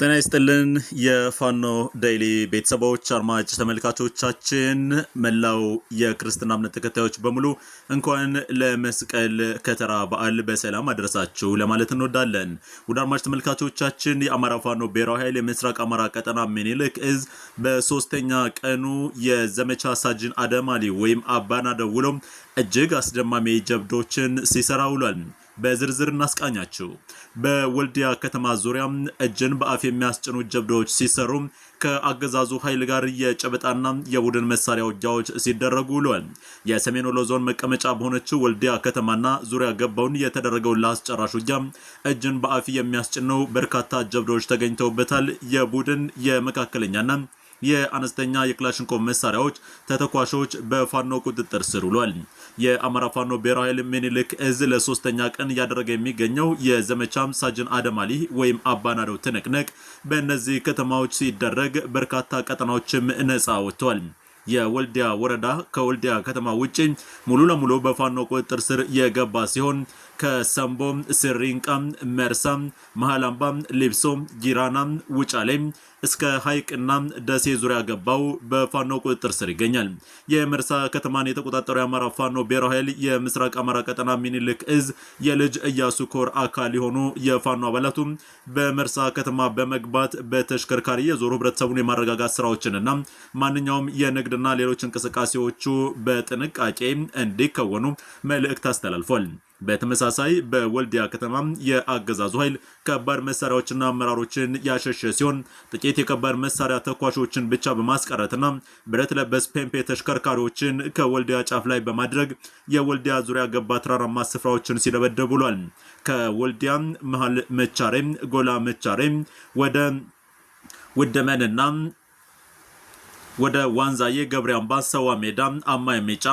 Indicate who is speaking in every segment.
Speaker 1: ጤና ይስጥልን የፋኖ ዴይሊ ቤተሰቦች አድማጭ ተመልካቾቻችን፣ መላው የክርስትና እምነት ተከታዮች በሙሉ እንኳን ለመስቀል ከተራ በዓል በሰላም አደረሳችሁ ለማለት እንወዳለን። ውድ አድማጭ ተመልካቾቻችን የአማራ ፋኖ ብሔራዊ ኃይል የምስራቅ አማራ ቀጠና ምኒልክ እዝ በሶስተኛ ቀኑ የዘመቻ ሳጅን አደማሊ ወይም አባና ደውሎም እጅግ አስደማሚ ጀብዶችን ሲሰራ ውሏል። በዝርዝር እናስቃኛችሁ። በወልዲያ ከተማ ዙሪያም እጅን በአፍ የሚያስጭኑ ጀብዶዎች ሲሰሩ ከአገዛዙ ኃይል ጋር የጨበጣና የቡድን መሳሪያ ውጊያዎች ሲደረጉ ውሏል። የሰሜን ወሎ ዞን መቀመጫ በሆነችው ወልዲያ ከተማና ዙሪያ ገባውን የተደረገውን ለአስጨራሽ ውጊያ እጅን በአፍ የሚያስጭነው በርካታ ጀብዶዎች ተገኝተውበታል። የቡድን የመካከለኛና የአነስተኛ የክላሽንኮ መሳሪያዎች ተተኳሾች በፋኖ ቁጥጥር ስር ውሏል። የአማራ ፋኖ ብሔራዊ ኃይል ምኒልክ እዝ ለሶስተኛ ቀን እያደረገ የሚገኘው የዘመቻም ሳጅን አደማሊ ወይም አባናደው ትንቅንቅ በእነዚህ ከተማዎች ሲደረግ በርካታ ቀጠናዎችም ነጻ ወጥቷል። የወልዲያ ወረዳ ከወልዲያ ከተማ ውጪ ሙሉ ለሙሉ በፋኖ ቁጥጥር ስር የገባ ሲሆን ከሰምቦም፣ ስሪንቃም፣ መርሳም፣ መሃላምባም፣ ሊብሶም፣ ጊራናም፣ ውጫሌም እስከ ሀይቅና ደሴ ዙሪያ ገባው በፋኖ ቁጥጥር ስር ይገኛል። የመርሳ ከተማን የተቆጣጠሩ የአማራ ፋኖ ብሔራዊ ኃይል የምስራቅ አማራ ቀጠና ሚኒልክ እዝ የልጅ እያሱ ኮር አካል የሆኑ የፋኖ አባላቱ በመርሳ ከተማ በመግባት በተሽከርካሪ የዞሩ ህብረተሰቡን የማረጋጋት ስራዎችንና ማንኛውም የንግድና ሌሎች እንቅስቃሴዎቹ በጥንቃቄ እንዲከወኑ መልእክት አስተላልፏል። በተመሳሳይ በወልዲያ ከተማ የአገዛዙ ኃይል ከባድ መሳሪያዎችና አመራሮችን ያሸሸ ሲሆን ጥቂት የከባድ መሳሪያ ተኳሾችን ብቻ በማስቀረትና ብረት ለበስ ፔምፔ ተሽከርካሪዎችን ከወልዲያ ጫፍ ላይ በማድረግ የወልዲያ ዙሪያ ገባ ተራራማ ስፍራዎችን ሲደበደብ ውሏል። ከወልዲያ መሃል መቻሬ፣ ጎላ መቻሬ ወደ ውድመንና ወደ ዋንዛዬ ገብረ አምባ፣ ሰዋ ሜዳ፣ አማ የሚጫ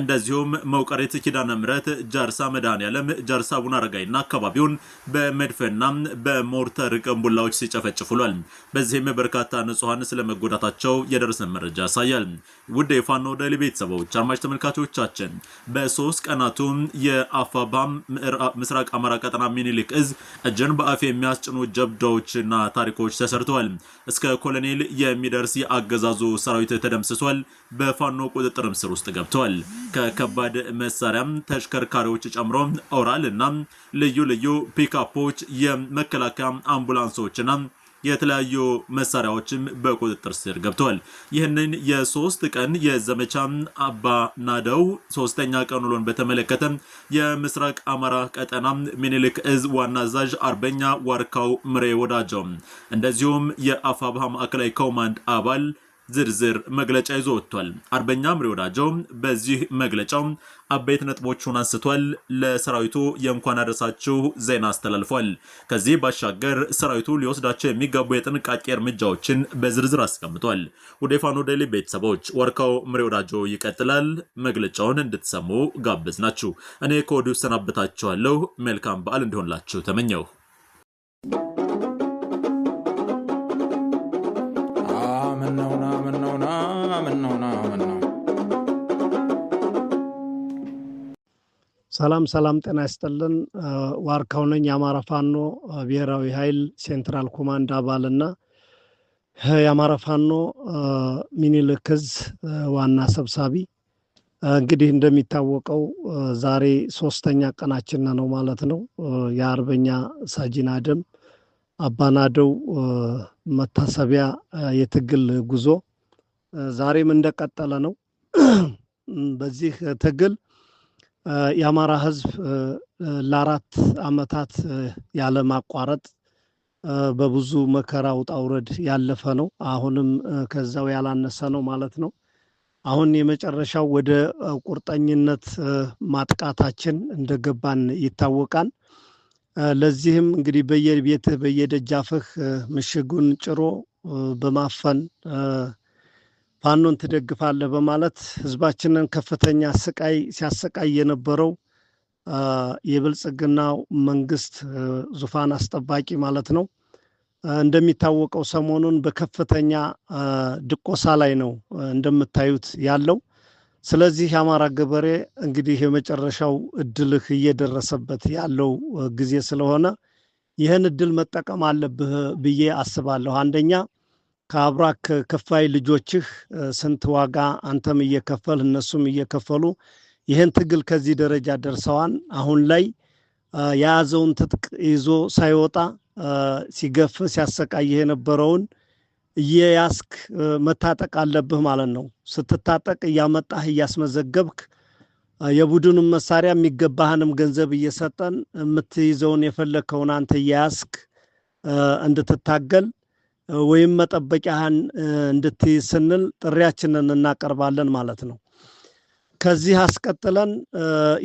Speaker 1: እንደዚሁም መውቀሬት ኪዳነ ምረት ጃርሳ መድኃኔዓለም፣ ጃርሳ ቡና አረጋይና አካባቢውን በመድፍና በሞርተር ቀንቡላዎች ሲጨፈጭፉ ውሏል። በዚህም በርካታ ንጹሐን ስለመጎዳታቸው የደረሰ መረጃ ያሳያል። ውድ የፋኖ ወዳጅ ቤተሰቦች፣ አድማጭ ተመልካቾቻችን በሶስት ቀናቱ የአፋባ ምስራቅ አማራ ቀጠና ሚኒሊክ እዝ እጅን በአፍ የሚያስጭኑ ጀብዳዎችና ታሪኮች ተሰርተዋል። እስከ ኮሎኔል የሚደርስ የአገዛዙ ሰራዊት ተደምስሷል። በፋኖ ቁጥጥርም ስር ውስጥ ገብተዋል። ከከባድ መሳሪያም ተሽከርካሪዎች ጨምሮ ኦራል እና ልዩ ልዩ ፒካፖች፣ የመከላከያ አምቡላንሶችና የተለያዩ መሳሪያዎችም በቁጥጥር ስር ገብተዋል። ይህንን የሶስት ቀን የዘመቻ አባናደው ሶስተኛ ቀን ውሎን በተመለከተ የምስራቅ አማራ ቀጠና ሚኒልክ እዝ ዋና አዛዥ አርበኛ ዋርካው ምሬ ወዳጀው እንደዚሁም የአፋብሃ ማዕከላዊ ኮማንድ አባል ዝርዝር መግለጫ ይዞ ወጥቷል። አርበኛ ምሬ ወዳጀው በዚህ መግለጫው አበይት ነጥቦቹን አንስቷል። ለሰራዊቱ የእንኳን አደረሳችሁ ዜና አስተላልፏል። ከዚህ ባሻገር ሰራዊቱ ሊወስዳቸው የሚገቡ የጥንቃቄ እርምጃዎችን በዝርዝር አስቀምጧል። ወደ ፋኖ ዴይሊ ቤተሰቦች ወርካው ምሬ ወዳጀው ይቀጥላል። መግለጫውን እንድትሰሙ ጋብዝ ናችሁ። እኔ ከወዲሁ ሰናበታችኋለሁ። መልካም በዓል እንዲሆንላችሁ ተመኘሁ።
Speaker 2: ሰላም ሰላም፣ ጤና ይስጥልን። ዋርካው ነኝ የአማራ ፋኖ ብሔራዊ ኃይል ሴንትራል ኮማንድ አባልና የአማራ ፋኖ ሚኒልክ ዋና ሰብሳቢ። እንግዲህ እንደሚታወቀው ዛሬ ሶስተኛ ቀናችን ነው ማለት ነው። የአርበኛ ሳጂን አደም አባናደው መታሰቢያ የትግል ጉዞ ዛሬም እንደቀጠለ ነው። በዚህ ትግል የአማራ ህዝብ ለአራት ዓመታት ያለማቋረጥ በብዙ መከራ ውጣ ውረድ ያለፈ ነው። አሁንም ከዛው ያላነሰ ነው ማለት ነው። አሁን የመጨረሻው ወደ ቁርጠኝነት ማጥቃታችን እንደገባን ይታወቃል። ለዚህም እንግዲህ በየቤትህ በየደጃፍህ ምሽጉን ጭሮ በማፈን ፋኖን ትደግፋለህ በማለት ህዝባችንን ከፍተኛ ስቃይ ሲያሰቃይ የነበረው የብልጽግናው መንግስት ዙፋን አስጠባቂ ማለት ነው። እንደሚታወቀው ሰሞኑን በከፍተኛ ድቆሳ ላይ ነው እንደምታዩት ያለው። ስለዚህ የአማራ ገበሬ እንግዲህ የመጨረሻው እድልህ እየደረሰበት ያለው ጊዜ ስለሆነ ይህን እድል መጠቀም አለብህ ብዬ አስባለሁ። አንደኛ ከአብራክ ከፋይ ልጆችህ ስንት ዋጋ አንተም እየከፈል እነሱም እየከፈሉ ይህን ትግል ከዚህ ደረጃ ደርሰዋን አሁን ላይ የያዘውን ትጥቅ ይዞ ሳይወጣ ሲገፍ ሲያሰቃይህ የነበረውን እየያስክ መታጠቅ አለብህ ማለት ነው። ስትታጠቅ እያመጣህ እያስመዘገብክ የቡድኑን መሳሪያ የሚገባህንም ገንዘብ እየሰጠን የምትይዘውን የፈለግከውን አንተ እየያስክ እንድትታገል ወይም መጠበቂያህን እንድትይ ስንል ጥሪያችንን እናቀርባለን ማለት ነው። ከዚህ አስቀጥለን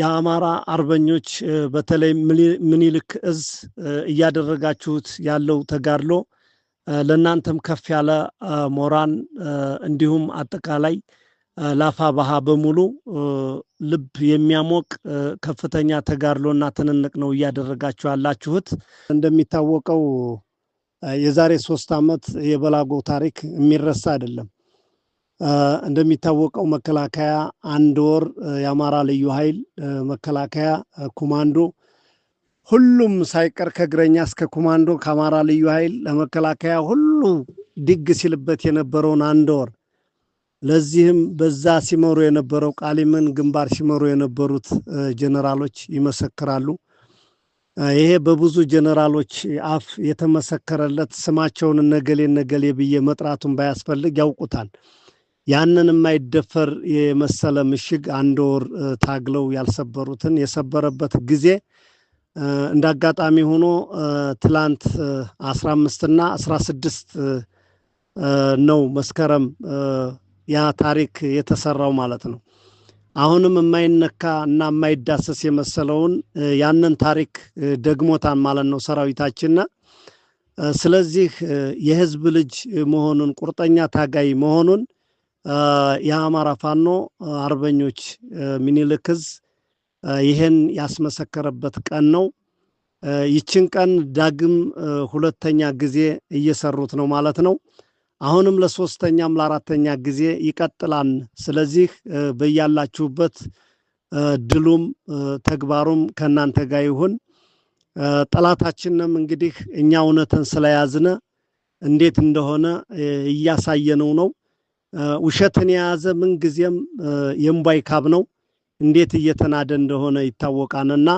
Speaker 2: የአማራ አርበኞች በተለይ ምኒልክ እዝ እያደረጋችሁት ያለው ተጋድሎ ለእናንተም ከፍ ያለ ሞራን እንዲሁም አጠቃላይ ላፋ ባሃ በሙሉ ልብ የሚያሞቅ ከፍተኛ ተጋድሎና ትንንቅ ነው እያደረጋችሁ ያላችሁት። እንደሚታወቀው የዛሬ ሶስት ዓመት የበላጎ ታሪክ የሚረሳ አይደለም። እንደሚታወቀው መከላከያ አንድ ወር የአማራ ልዩ ኃይል መከላከያ ኮማንዶ ሁሉም ሳይቀር ከእግረኛ እስከ ኮማንዶ ከአማራ ልዩ ኃይል ለመከላከያ ሁሉ ድግ ሲልበት የነበረውን አንድ ወር ለዚህም በዛ ሲመሩ የነበረው ቃሊምን ግንባር ሲመሩ የነበሩት ጀነራሎች ይመሰክራሉ። ይሄ በብዙ ጀነራሎች አፍ የተመሰከረለት ስማቸውን ነገሌ ነገሌ ብዬ መጥራቱን ባያስፈልግ ያውቁታል። ያንን የማይደፈር የመሰለ ምሽግ አንድ ወር ታግለው ያልሰበሩትን የሰበረበት ጊዜ እንደ አጋጣሚ ሆኖ ትላንት አስራ አምስትና አስራ ስድስት ነው መስከረም ያ ታሪክ የተሰራው ማለት ነው። አሁንም የማይነካ እና የማይዳሰስ የመሰለውን ያንን ታሪክ ደግሞታን ማለት ነው ሰራዊታችንና ስለዚህ የህዝብ ልጅ መሆኑን ቁርጠኛ ታጋይ መሆኑን የአማራ ፋኖ አርበኞች ሚኒልክዝ ይህን ያስመሰከረበት ቀን ነው። ይችን ቀን ዳግም ሁለተኛ ጊዜ እየሰሩት ነው ማለት ነው። አሁንም ለሶስተኛም ለአራተኛ ጊዜ ይቀጥላል። ስለዚህ በያላችሁበት ድሉም ተግባሩም ከእናንተ ጋር ይሁን። ጠላታችንም እንግዲህ እኛ እውነትን ስለያዝነ እንዴት እንደሆነ እያሳየነው ነው። ውሸትን የያዘ ምንጊዜም የእምቧይ ካብ ነው። እንዴት እየተናደ እንደሆነ ይታወቃልና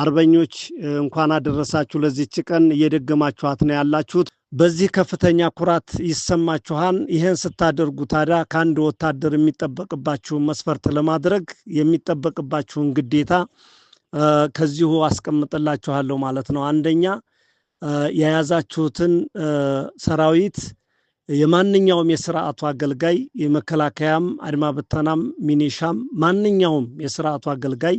Speaker 2: አርበኞች እንኳን አደረሳችሁ ለዚች ቀን እየደገማችኋት ነው ያላችሁት። በዚህ ከፍተኛ ኩራት ይሰማችኋል። ይህን ስታደርጉ ታዲያ ከአንድ ወታደር የሚጠበቅባችሁን መስፈርት ለማድረግ የሚጠበቅባችሁን ግዴታ ከዚሁ አስቀምጥላችኋለሁ ማለት ነው። አንደኛ የያዛችሁትን ሰራዊት የማንኛውም የስርዓቱ አገልጋይ የመከላከያም፣ አድማ ብተናም፣ ሚኒሻም ማንኛውም የስርዓቱ አገልጋይ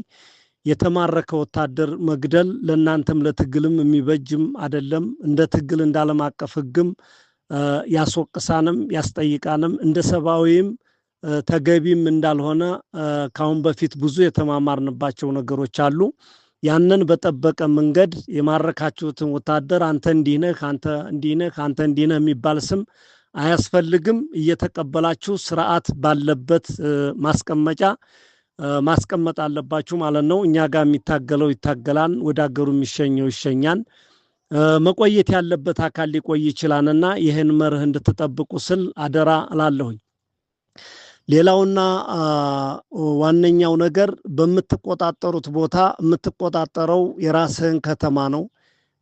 Speaker 2: የተማረከ ወታደር መግደል ለእናንተም ለትግልም የሚበጅም አደለም። እንደ ትግል እንደ ዓለም አቀፍ ሕግም ያስወቅሳንም ያስጠይቃንም እንደ ሰብአዊም ተገቢም እንዳልሆነ ከአሁን በፊት ብዙ የተማማርንባቸው ነገሮች አሉ። ያንን በጠበቀ መንገድ የማረካችሁትን ወታደር አንተ እንዲህ ነህ፣ አንተ እንዲህ ነህ፣ አንተ እንዲህ ነህ የሚባል ስም አያስፈልግም። እየተቀበላችሁ ስርዓት ባለበት ማስቀመጫ ማስቀመጥ አለባችሁ ማለት ነው። እኛ ጋር የሚታገለው ይታገላል፣ ወደ አገሩ የሚሸኘው ይሸኛል። መቆየት ያለበት አካል ሊቆይ ይችላልና ይህን መርህ እንድትጠብቁ ስል አደራ እላለሁኝ። ሌላውና ዋነኛው ነገር በምትቆጣጠሩት ቦታ የምትቆጣጠረው የራስህን ከተማ ነው፣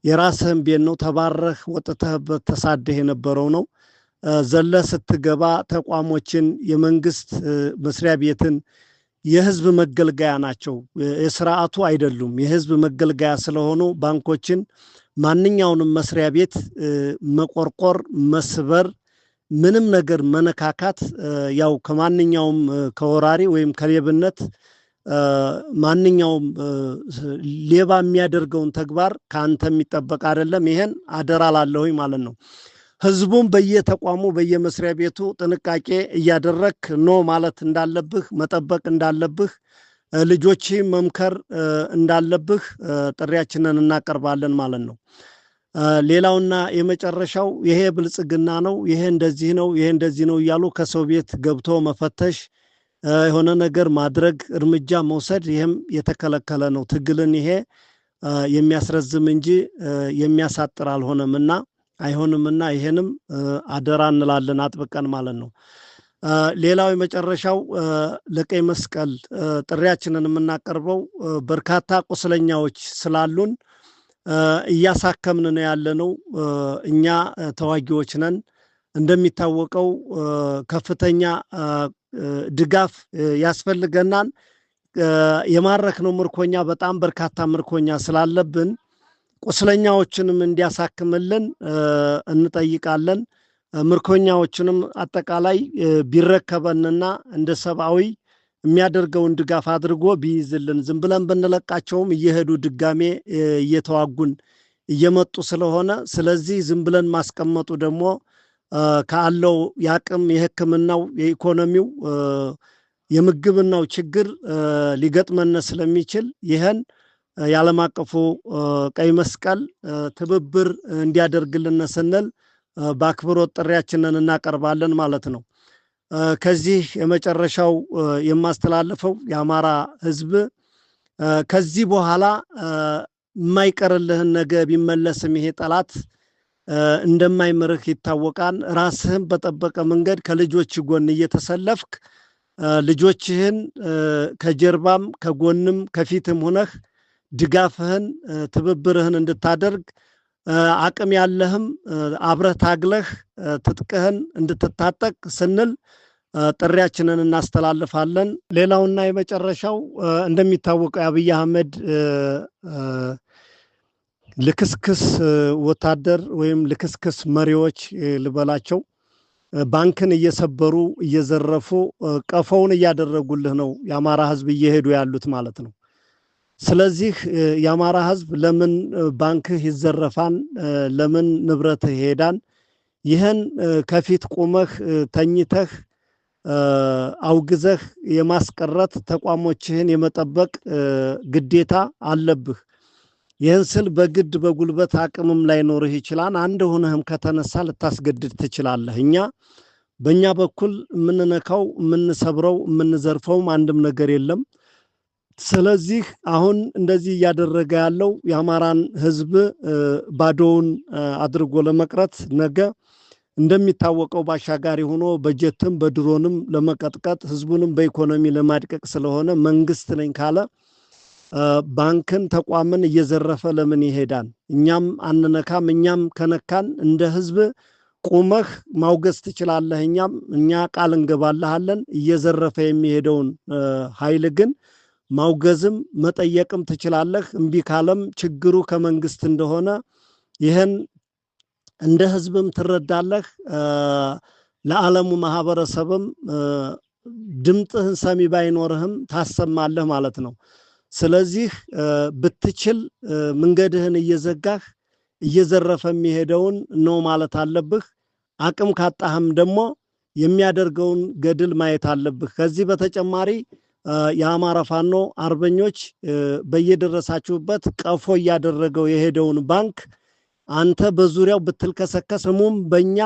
Speaker 2: የራስህን ቤት ነው። ተባረህ ወጥተህበት ተሳደህ የነበረው ነው። ዘለ ስትገባ ተቋሞችን፣ የመንግስት መስሪያ ቤትን የህዝብ መገልገያ ናቸው፣ የስርዓቱ አይደሉም። የህዝብ መገልገያ ስለሆኑ ባንኮችን ማንኛውንም መስሪያ ቤት መቆርቆር፣ መስበር፣ ምንም ነገር መነካካት ያው ከማንኛውም ከወራሪ ወይም ከሌብነት ማንኛውም ሌባ የሚያደርገውን ተግባር ከአንተ የሚጠበቅ አይደለም። ይሄን አደራ ላለሁኝ ማለት ነው። ህዝቡም በየተቋሙ በየመስሪያ ቤቱ ጥንቃቄ እያደረግክ ኖ ማለት እንዳለብህ መጠበቅ እንዳለብህ ልጆች መምከር እንዳለብህ ጥሪያችንን እናቀርባለን ማለት ነው። ሌላውና የመጨረሻው ይሄ ብልጽግና ነው፣ ይሄ እንደዚህ ነው፣ ይሄ እንደዚህ ነው እያሉ ከሰው ቤት ገብቶ መፈተሽ፣ የሆነ ነገር ማድረግ፣ እርምጃ መውሰድ ይህም የተከለከለ ነው። ትግልን ይሄ የሚያስረዝም እንጂ የሚያሳጥር አልሆነም እና አይሆንምና ይሄንም አደራ እንላለን አጥብቀን ማለት ነው። ሌላው የመጨረሻው ለቀይ መስቀል ጥሪያችንን የምናቀርበው በርካታ ቁስለኛዎች ስላሉን እያሳከምን ነው ያለነው። እኛ ተዋጊዎች ነን። እንደሚታወቀው ከፍተኛ ድጋፍ ያስፈልገናል። ነው ምርኮኛ በጣም በርካታ ምርኮኛ ስላለብን ቁስለኛዎችንም እንዲያሳክምልን እንጠይቃለን። ምርኮኛዎችንም አጠቃላይ ቢረከበንና እንደ ሰብአዊ የሚያደርገውን ድጋፍ አድርጎ ቢይዝልን ዝም ብለን ብንለቃቸውም እየሄዱ ድጋሜ እየተዋጉን እየመጡ ስለሆነ ስለዚህ ዝም ብለን ማስቀመጡ ደግሞ ካለው የአቅም የሕክምናው የኢኮኖሚው የምግብናው ችግር ሊገጥመን ስለሚችል ይህን የዓለም አቀፉ ቀይ መስቀል ትብብር እንዲያደርግልን ስንል በአክብሮት ጥሪያችንን እናቀርባለን ማለት ነው። ከዚህ የመጨረሻው የማስተላለፈው የአማራ ሕዝብ ከዚህ በኋላ የማይቀርልህን ነገ ቢመለስም ይሄ ጠላት እንደማይምርህ ይታወቃል። ራስህን በጠበቀ መንገድ ከልጆች ጎን እየተሰለፍክ ልጆችህን ከጀርባም ከጎንም ከፊትም ሆነህ። ድጋፍህን ትብብርህን እንድታደርግ አቅም ያለህም አብረህ ታግለህ ትጥቅህን እንድትታጠቅ ስንል ጥሪያችንን እናስተላልፋለን። ሌላውና የመጨረሻው እንደሚታወቀው የአብይ አህመድ ልክስክስ ወታደር ወይም ልክስክስ መሪዎች ልበላቸው ባንክን እየሰበሩ እየዘረፉ ቀፈውን እያደረጉልህ ነው የአማራ ሕዝብ እየሄዱ ያሉት ማለት ነው። ስለዚህ የአማራ ህዝብ ለምን ባንክህ ይዘረፋን? ለምን ንብረትህ ይሄዳን? ይህን ከፊት ቁመህ ተኝተህ አውግዘህ የማስቀረት ተቋሞችህን የመጠበቅ ግዴታ አለብህ። ይህን ስል በግድ በጉልበት አቅምም ላይኖርህ ይችላል። አንድ ሆነህም ከተነሳ ልታስገድድ ትችላለህ። እኛ በእኛ በኩል የምንነካው የምንሰብረው የምንዘርፈውም አንድም ነገር የለም። ስለዚህ አሁን እንደዚህ እያደረገ ያለው የአማራን ህዝብ ባዶውን አድርጎ ለመቅረት ነገ እንደሚታወቀው በአሻጋሪ ሆኖ በጀትም በድሮንም ለመቀጥቀጥ ህዝቡንም በኢኮኖሚ ለማድቀቅ ስለሆነ መንግስት ነኝ ካለ ባንክን ተቋምን እየዘረፈ ለምን ይሄዳል? እኛም አንነካም። እኛም ከነካን እንደ ህዝብ ቁመህ ማውገዝ ትችላለህ። እኛም እኛ ቃል እንገባልሃለን። እየዘረፈ የሚሄደውን ኃይል ግን ማውገዝም መጠየቅም ትችላለህ። እምቢ ካለም ችግሩ ከመንግስት እንደሆነ ይህን እንደ ህዝብም ትረዳለህ። ለዓለሙ ማህበረሰብም ድምጥህን ሰሚ ባይኖርህም ታሰማለህ ማለት ነው። ስለዚህ ብትችል መንገድህን እየዘጋህ እየዘረፈ የሚሄደውን ነው ማለት አለብህ። አቅም ካጣህም ደግሞ የሚያደርገውን ገድል ማየት አለብህ። ከዚህ በተጨማሪ የአማራ ፋኖ አርበኞች በየደረሳችሁበት ቀፎ እያደረገው የሄደውን ባንክ አንተ በዙሪያው ብትልከሰከስ ህሙም በእኛ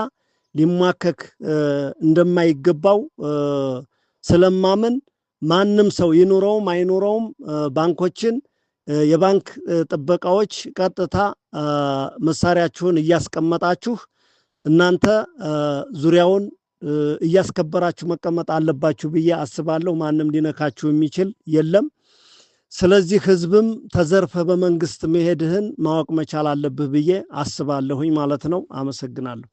Speaker 2: ሊማከክ እንደማይገባው ስለማምን ማንም ሰው ይኑረውም አይኑረውም ባንኮችን የባንክ ጥበቃዎች ቀጥታ መሳሪያችሁን እያስቀመጣችሁ እናንተ ዙሪያውን እያስከበራችሁ መቀመጥ አለባችሁ ብዬ አስባለሁ። ማንም ሊነካችሁ የሚችል የለም። ስለዚህ ህዝብም ተዘርፈ በመንግስት መሄድህን ማወቅ መቻል አለብህ ብዬ አስባለሁኝ ማለት ነው። አመሰግናለሁ።